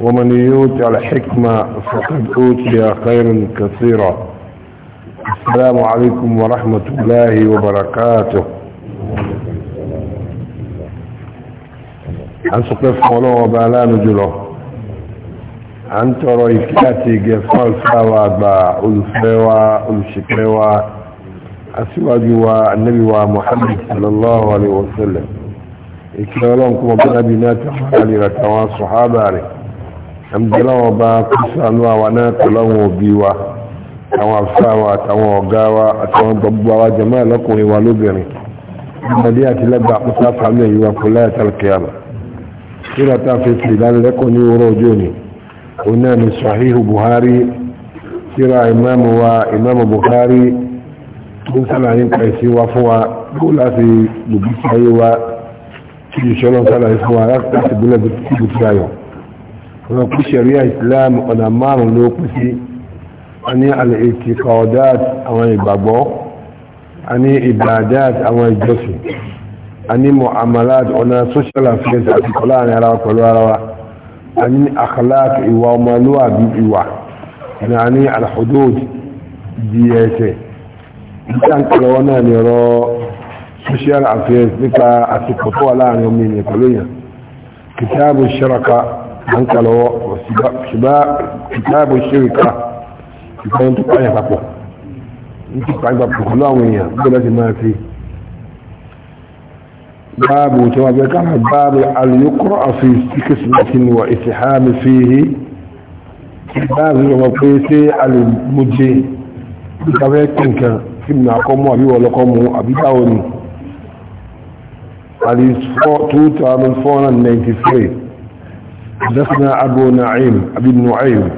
ومن يوتع الحكمة فقد أوتي خيرا كثيرا السلام عليكم ورحمة الله وبركاته عن سقف ولو وبالا نجله عن ترويكاتي جفال سوا با ألفوا ألشكوا أسواجوا النبي ومحمد صلى الله عليه وسلم إكلالهم كما بنبينات علي رتوان صحابه عليه àmìjẹ́láwọ̀ bá kúsànú àwọn náà tọ́lọ́wọ̀n òbí wa àwọn àfáàwà àtàwọn ọ̀gá wa àtàwọn gbogbo àwọn jẹ́mọ́ ẹ̀lọ́kùnrin wa lóbìnrin ọmọdé àti lẹ́gbà kúsà fàmì èyí wa kò láyà tàlùkìyàmà tí wọ́n ta fi fi ìdánilẹ́kọ̀ọ́ ní oró ojú òní òun náà ni sahihu buhari síra ìmáàmù wa ìmáàmù buhari tó ń sàlàyé nípa ẹ̀sìn wa fún wa kó láti gbògbé sáyé wa tí ìṣọ́lọ́ sàlàyé fún wa láti gbólẹ̀ bí tí wọn kú sharia islam ọ̀nà márùn ló kú sí a ní al-i'tiqadat àwọn ìgbàgbọ́ a ní ibadat àwọn ìjọsìn a ní mu'amalat ọ̀nà social affairs àti kọlá àrin ara wa pẹ̀lú ara wa a ní akhlaq ìwà ọmọlúwàbí ìwà a ní al-hudud di ẹsẹ̀ ìtàn náà ni ọ̀rọ̀ social affairs nípa àsìkò tó wà láàrin omi ènìyàn pẹ̀lú èèyàn kìtàbù sharaka àǹkà lọ́wọ́ ṣùgbá ìtààbò ṣíríkà ìfẹ́yìn tó pààyàn papọ̀ ní ti pààyàn papọ̀ pẹ̀lú àwọn èèyàn bí ọlọ́sẹ̀ máa fi báàbò tó wà bẹ́ẹ̀ káàmù báàbò alìyókọ́ àfi síkèsì láti ní wà ìsìhámi fi hí báàbò lọ́wọ́ pé ṣé alìmújẹ ìkàfẹ́ kìnkan kí ni àkọ́mú àbí wọlọ́kọ́mú àbí báwo ni alìsọ́ 2493 حدثنا أبو نعيم أبي النعيم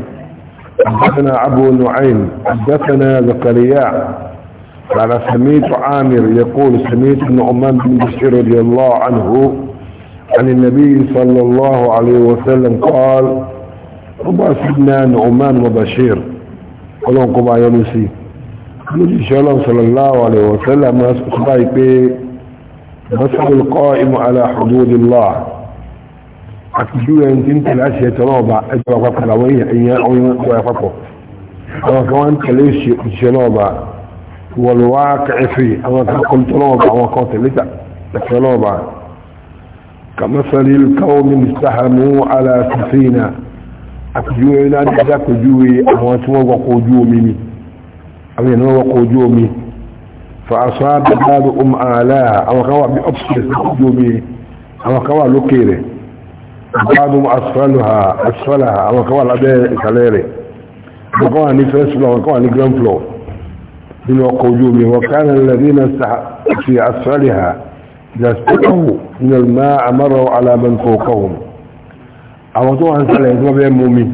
حدثنا أبو نعيم حدثنا زكريا قال سميت عامر يقول سميت عمان بن بشير رضي الله عنه عن النبي صلى الله عليه وسلم قال ربما سيدنا نعمان وبشير قالوا قبا يلوسي قالوا إن شاء الله صلى الله عليه وسلم أصبحت به القائم على حدود الله àtijọ́ ẹni tí ń tẹ̀lé àṣẹ tọ́lọ́ ọba ẹjọ́ àpapọ̀ làwọn èèyàn ọyàn ọyàn àpapọ̀ àwọn kan wọ́n ń tẹ̀lé ìṣẹ́ náà ọba wọ̀lúwà kẹfì àwọn kan kọ́ tọ́lọ́ ọba àwọn kan tẹ̀lé ìṣẹ́ náà ọba kàmásàlì káwọ́mí mùsàhámù aláṣẹ́fìnà àtijọ́ ẹni láti dákojú àwọn tí wọ́n wọkọ̀ ojú omi ni àwọn ènìyàn wọkọ̀ ojú ojú omi àwọn kan wà بعضهم أسفلها أسفلها أما كمان لديه كاليري وكمان عن فيرست فلور وكمان عن جراند فلور من وقوجومي وكان الذين في أسفلها إذا استقوا من الماء مروا على من فوقهم أما طبعا سألها يتبع بين مومي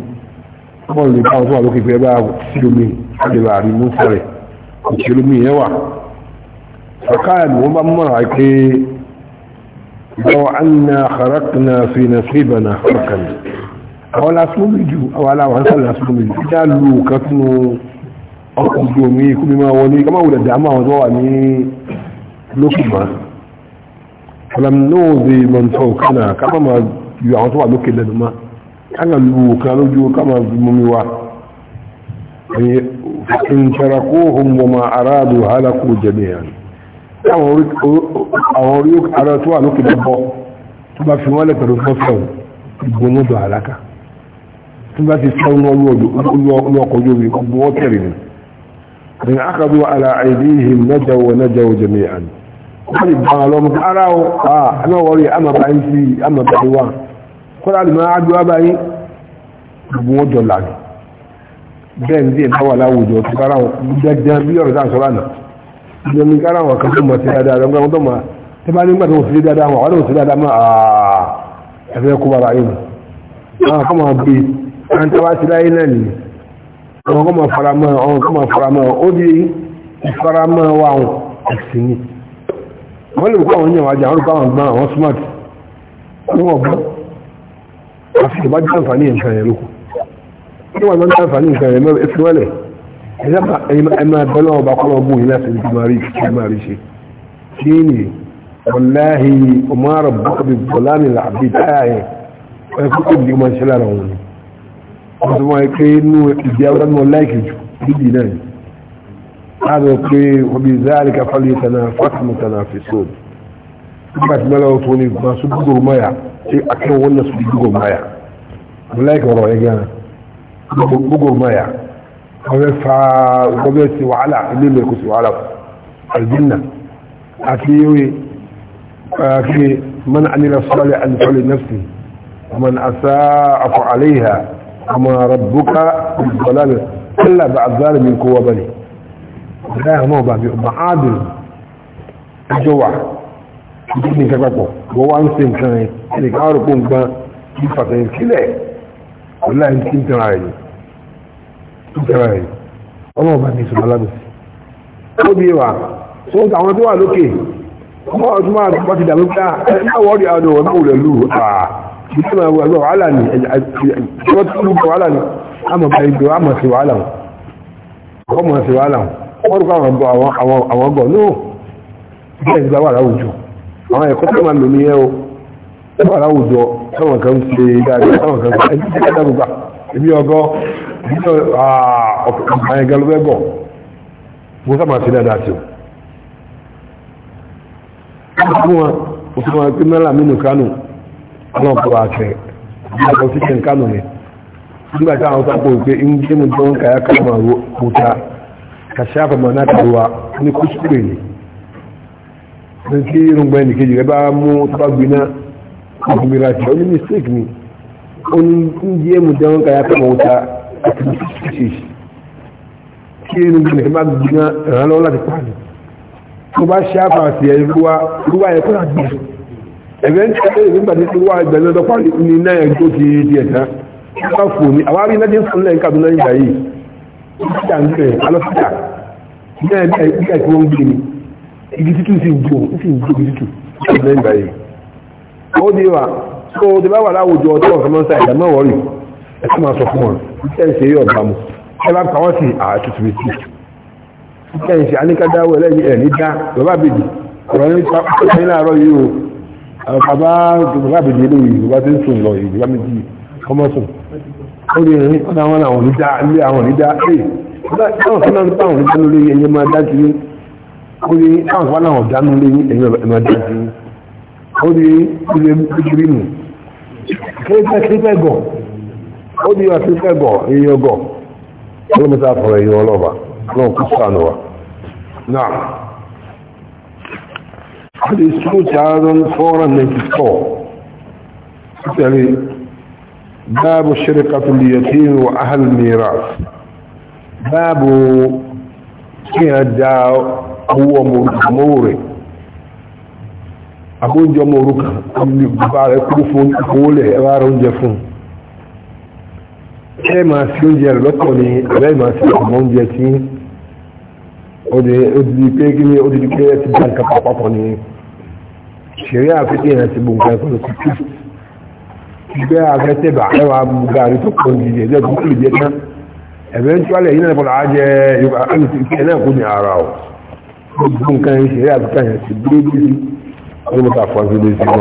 قول لي بعض طبعا لكي في باب سلمي حد بعد موسري وسلمي يوع فقال هم أمرها كي لو أنا خرقنا في نصيبنا خرقا أولا أسمو بيجو أولا وحسن أسمو بيجو قالوا كتنو أخذ يومي كل ما ولي كما ولد أما وضعني لكما فلم نوذي من فوقنا كما ما يعطوا لك لدما كان لو كانوا جو كما مميوا فإن شرقوهم وما أرادوا هلكوا جميعا táwọn orí ara tó wà lókè lọ́bọ́ tó bá fi wọ́n lẹ̀ pẹ̀lú fọ́fẹ́hùn ìgbónúdọ̀ àlákà tó bá ti fẹ́ inú ọkọ̀ ojú omi gbogbo wọ́n tẹ̀rẹ̀ ni ìrìn àkàdù àlà àìdíhì nẹ́jẹ̀wọ̀ nẹ́jẹ̀wọ̀ àní wọ́n lè bá lọ́mọ ara sí ìjọba ní kára àwọn kan tó mọ̀ sí dáadáa lọ́gbọ́n àwọn tó mọ̀ tí bá nígbà tó sí dáadáa àwọn àwọn tó sí dáadáa mọ́ ẹ̀fẹ́ kó bàbá yìí àwọn kan máa gbé àwọn tó bá sí láyé náà nì àwọn kan máa fara mọ́ àwọn kan máa ó di ìfara wa àwọn ẹ̀sìn ni wọ́n lè kó àwọn yàn wájà àwọn kan gbọ́n àwọn smart wọ́n gbọ́n àfi ìbájú àǹfààní nǹkan yẹn lóko wọ́n wà lọ́nà àǹfààní nǹkan yẹn mẹ́rin ẹ̀mà bẹ́lá ọba kọlọ̀gbù láti ìgbìmọ̀rí ṣe kí ni wọláhí ọmọrọ̀ bọ́kọ̀bí bọ́lámi làbí táyẹ̀ ẹkùnkùn ní ọmọ ìṣẹ́lá rẹ̀ wọn ọdún wọn pé inú ìdí àwọn láìkì jù bíbí náà ni a lọ pé ọbí záàrí kafalẹ̀ tana fásitì tana fi so nígbà tí mẹ́lá ọ̀tún ni masu gbogbo maya tí akẹ́wọ̀n náà su gbogbo maya wọláìkì ọ̀rọ̀ ẹgbẹ́ gbogbo maya ọ̀rẹ́ fa ọgbẹ́ sí wàhálà ilé ìlú ẹ̀kọ́ sí wàhálà aljanna àti yíwe kí man anila sọ́lẹ̀ alifọ́lẹ̀ nafsi man asa akọ̀ aléha ọmọ rabbuka ìgbọ̀lábẹ̀ kalla ba a zara min kowa bane ɗaya hama ba bi ba adil ìjọba rẹ̀ ọlọ́run bá ní ìṣòro alágbèsè ó bí wà tó ń àwọn tó wà lókè ọmọ ọdún máa wọ́n ti dàbí pé náà ah, wọ́n rí àwọn ọmọ òwúrẹ̀ lù ah, ìdílé máa wọ ẹgbẹ́ wàhálà ni ìjọba tó lù bọ̀ wàhálà ni àmọ̀ bá ìgbé àmọ̀ sí wàhálà wọn ọmọ sí wàhálà wọn wọ́n rú àwọn bọ̀ àwọn bọ̀ náà bẹ́ẹ̀ ìgbà wà láwùjọ àwọn ẹ̀kọ́ tó máa lò ní ẹ́ o wà láwùjọ táwọn kan ṣe dáadáa táwọn kan ṣe ẹgbẹ́ nínú àyẹ̀ galubẹ́ bọ̀ wọ́n sábà sí dáadáa sí wọn òfin wọn pé mẹ́lá mínú kánù ọlọ́pàá àṣẹ ìjọba sí ṣe kánù ni nígbà tí àwọn sápò pé ń gbé mu dán kàyà kan máa wo kúta ka ṣáfà máa náà tàbí wa ní kúṣùkúrè ni ní tí irungba ẹnì kejì rẹ bá mú tọ́ba gbiná ọkùnrin àti ọ ní mistake ni ó ń gbé mu dán kàyà kan àti ìṣèṣì kí inú gbogbo ẹ̀ má gbìnà ìrànlọ́wọ́ láti pààlù tó bá ṣe àpàtì ẹ̀ ruwa ruwa ẹ̀ kọ́nà gbé ẹ̀fẹ́ ń tẹ́lẹ̀ ìlú gbàdé tí ruwa ìgbàlẹ́ ọdọ́ pààlù ní náà ẹ̀ tó ti di ẹ̀tá wọ́n bá fò ní àwọn arí náà ti ń fún lẹ́yìn Kaduna ìgbà yìí ìjà ń bẹ̀ alọ́síjà náà ẹ̀ bí ẹ̀ tí wọ́n gbé ni igi títù sì ń jó sì ń jó igi títù lẹ́yìn ìgbà yìí ó di wa tó o ti bá wà láwùjọ ọdún ọ̀sán mọ́sá ìdá náà wọ́rì ẹ̀ tó máa sọ fún wọn iṣẹ́ ìṣe yóò bá mu ẹ bá kàwọ́ sí àtútù bí sí iṣẹ́ ìṣe aníkádáwó ẹlẹ́yìn ẹ̀ ní dá bàbá àbèjì ọ̀rọ̀ ní pàpàpàpà láàárọ̀ yìí o bàbá bàbá àbèjì ló yìí bàbá tó ń sùn lọ yìí bàbá méjì ọmọ sùn ó lè rìn ọ̀nà àwọn àwọn ní dá ilé àwọn ní dá ẹ̀ táwọn fún náà táwọn ní dánú lé ẹyẹ máa dá kiri ó lè táwọn fún náà ó di àti ẹgọ iye ọgọ olómìnira fọ̀rọ̀ ìyọ ọlọ́ba náà kú sànù wa náà hadis two thousand four tẹ̀lé báàbù ahal báàbù kí a da owó ọmọ rẹ̀ abóúnjẹ ọmọ orúkà ọmọ ìgbà rẹ̀ kúrú fún ṣé máa fi oúnjẹ rẹ̀ lọ́pọ̀ ni àbẹ́ máa fi ọmọ oúnjẹ tí ó di pé kí ni ó di pé ti dá nǹkan papọ̀ ni ṣeré àfikún yẹn ti bu nǹkan pẹ̀lú kùtù gbé afẹ́tẹ́ bá ẹwà gàrí tó pọ̀ nìyẹ jẹ́ gúúlù jẹ́ tán eventually yìí náà pọ̀lá jẹ́ yorùbá alùsìkẹ́ náà kú ní ara ọ̀ gbogbo nǹkan ìṣẹ̀rẹ́ àbúkà yẹn ti dúró bí sí ọdún mọ́ta fọ́nfẹ́ lórí sí náà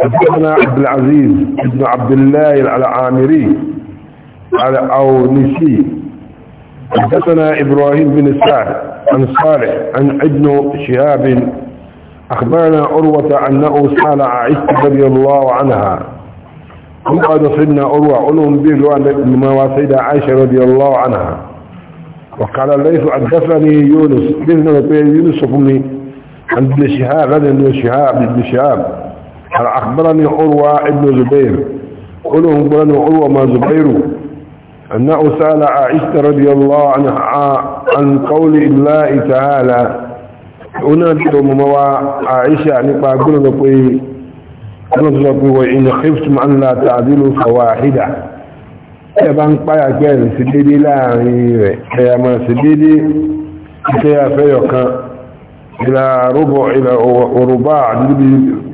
حدثنا عبد العزيز بن عبد الله العامري على اونسي حدثنا ابراهيم بن سعد عن صالح عن ابن شهاب اخبرنا عروة انه سال عائشة رضي الله عنها هم قد صدنا عروة علوم به مواصيد عائشة رضي الله عنها وقال ليس حدثني يونس بن يونس بن عن ابن شهاب هذا ابن شهاب ابن شهاب أخبرني عروة ابن زبير قلوا أخبرني عروة ما زبير أنه سأل عائشة رضي الله عنها عن قول الله تعالى هنا أنادت مما عائشة نقع قلنا بقي نظرت وإن خفتم أن لا تعدلوا فواحدة ẹ̀bá ń páyà pé ẹ̀rìn sí dédé láàrin rẹ̀ ẹ̀yàmọ̀ sí dédé إلى afẹ́yọ̀kan ìlà rúbọ̀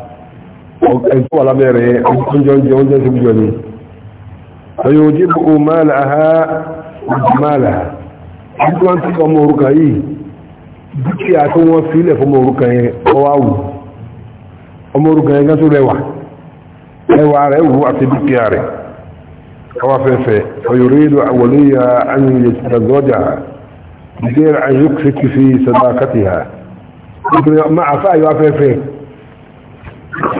ẹ̀tọ́ wà lábẹ́ rẹ̀ oúnjẹ oúnjẹ oúnjẹ tó jọ ni ọyọ ojú gbogbo máàlá ha ojú máàlá ojú wọn tí ọmọ orúkà yìí dúkìá tó wọ́n sílẹ̀ fún ọmọ orúkà yẹn ọwá wù ọmọ orúkà yẹn gátó rẹwà ẹwà rẹ̀ wù àti dúkìá rẹ̀ ọwá fẹ́fẹ́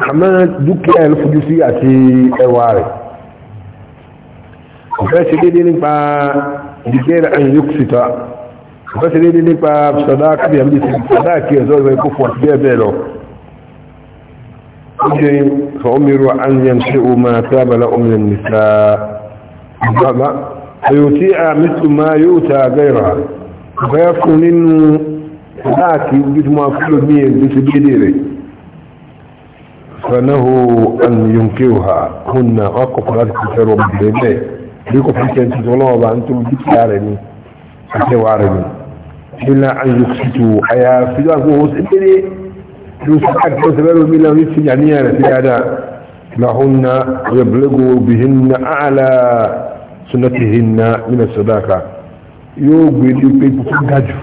àmọ́ dúkìá ẹ̀ ló fojú sí àti ẹwà rẹ̀ ọ̀fẹ́ ṣe déédéé nípa ìdíjẹ́ àyíkùsìtọ́ ọ̀fẹ́ ṣe déédéé nípa sọ̀dá kábíyà méjì sí sọ̀dá kí ẹ̀zọ́ ìwé kó fún ọ̀tí bẹ́ẹ̀ lọ ó ṣe a mítù yóò ta gẹ́rà ọ̀fẹ́ fún nínú sọ̀dá kí ojútùmọ̀ fúlò ní ẹ̀ فله أن ينكرها هن أقف لا تكتر ومدرده بيكو في كنت تقولوا بأنتم بيك عربي أتوا عربي إلا أن يكسطوا أيا في ذلك وغوص إبني لو سحك وسبب من الله يتسجع يعني نيانا في هذا لهن يبلغوا بهن أعلى سنتهن من الصداقة يوغي لي بيكو تنجاجو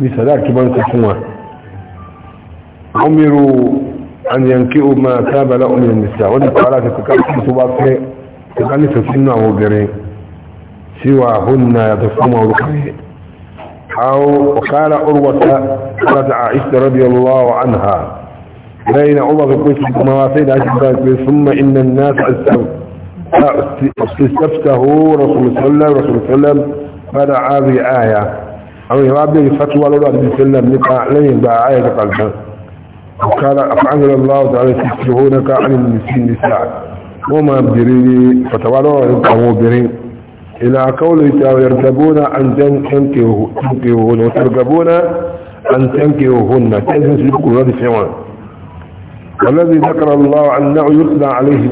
بصداقة كمان تسمع عمروا أن ينكئوا ما تاب لهم من النساء ونقالات تكفل تباطه تقال تسنع وقرين سوى هن يتصم ورقين أو وقال أروة قالت عائشة رضي الله عنها بين عمر قلت مواسيد عائشة ثم إن الناس استفته رسول صلى الله عليه وسلم فدعا بآية أو يرابي فتوى لولا عليه وسلم لقاء لين بآية قلبها وقال أفعل الله تعالى تسرعونك عن النساء وما بجريني فتوالوا أو برين إلى قوله تعالى يرتبون أن تنكهون وترقبون أن تنكهن تنسى سيبقوا هذا سيوان والذي ذكر الله أنه يطلع عليه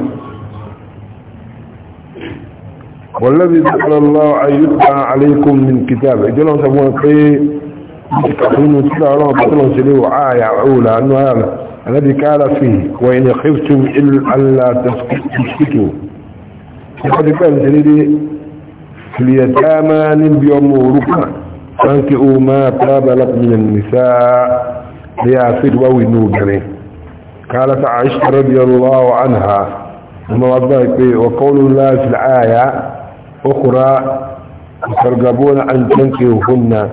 والذي ذكر الله أن يطلع عليكم من كتابه إذن الله سبحانه فإن سلع الله بطلع سليه آية أولى أنه هذا الذي قال فيه وإن خفتم إلا تسكتوا فقد كان سليه في اليتامى نبيهم وركا فانكئوا ما تاب لك من النساء ليافد وينوبني قالت عائشة رضي الله عنها وقول الله في الآية أخرى ترغبون أن تنكئوهن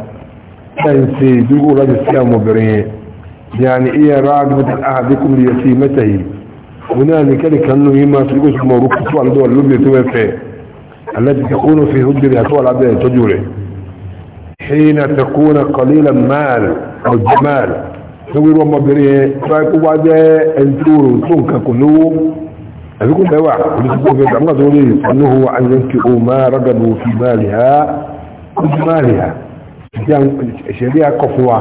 تنسي دوغو هذا سيامو وبرين يعني إيه راغبة أحدكم ليسيمته هنالك لك أنه يما سيقول كما ركبت على دول لبنى توفي التي تكون في هجرها طول عبدها تجوله حين تكون قليلا مال أو جمال نقول وما بريه فاكو بعد انتور تنك كنو أبيكو دواع ونسبوه في العمد وليه أنه هو ان ينكئوا ما رقبوا في مالها وجمالها ìṣẹ̀lẹ̀ akọ̀fún wa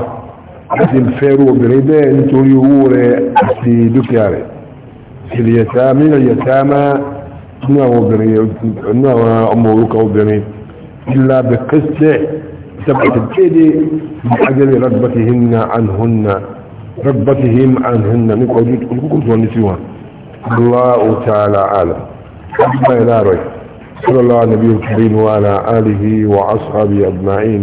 láti fẹ́rù obìnrin bẹ́ẹ̀ nítorí owó rẹ̀ àti dúkìá rẹ̀ ìrìyẹ̀ta mílẹ̀ yẹ̀ta máa nínú àwọn ọmọ orúkọ obìnrin ilá bẹ kẹsẹ̀ sẹ́bàtì kéde ajẹ́lẹ̀ rọ̀gbàtìhìn àhùnnà nípa ojú olùkùnkùn tó ní sí wọn الله تعالى أعلم أما إلى رأي صلى الله على نبيه الكريم وعلى آله وأصحابه أجمعين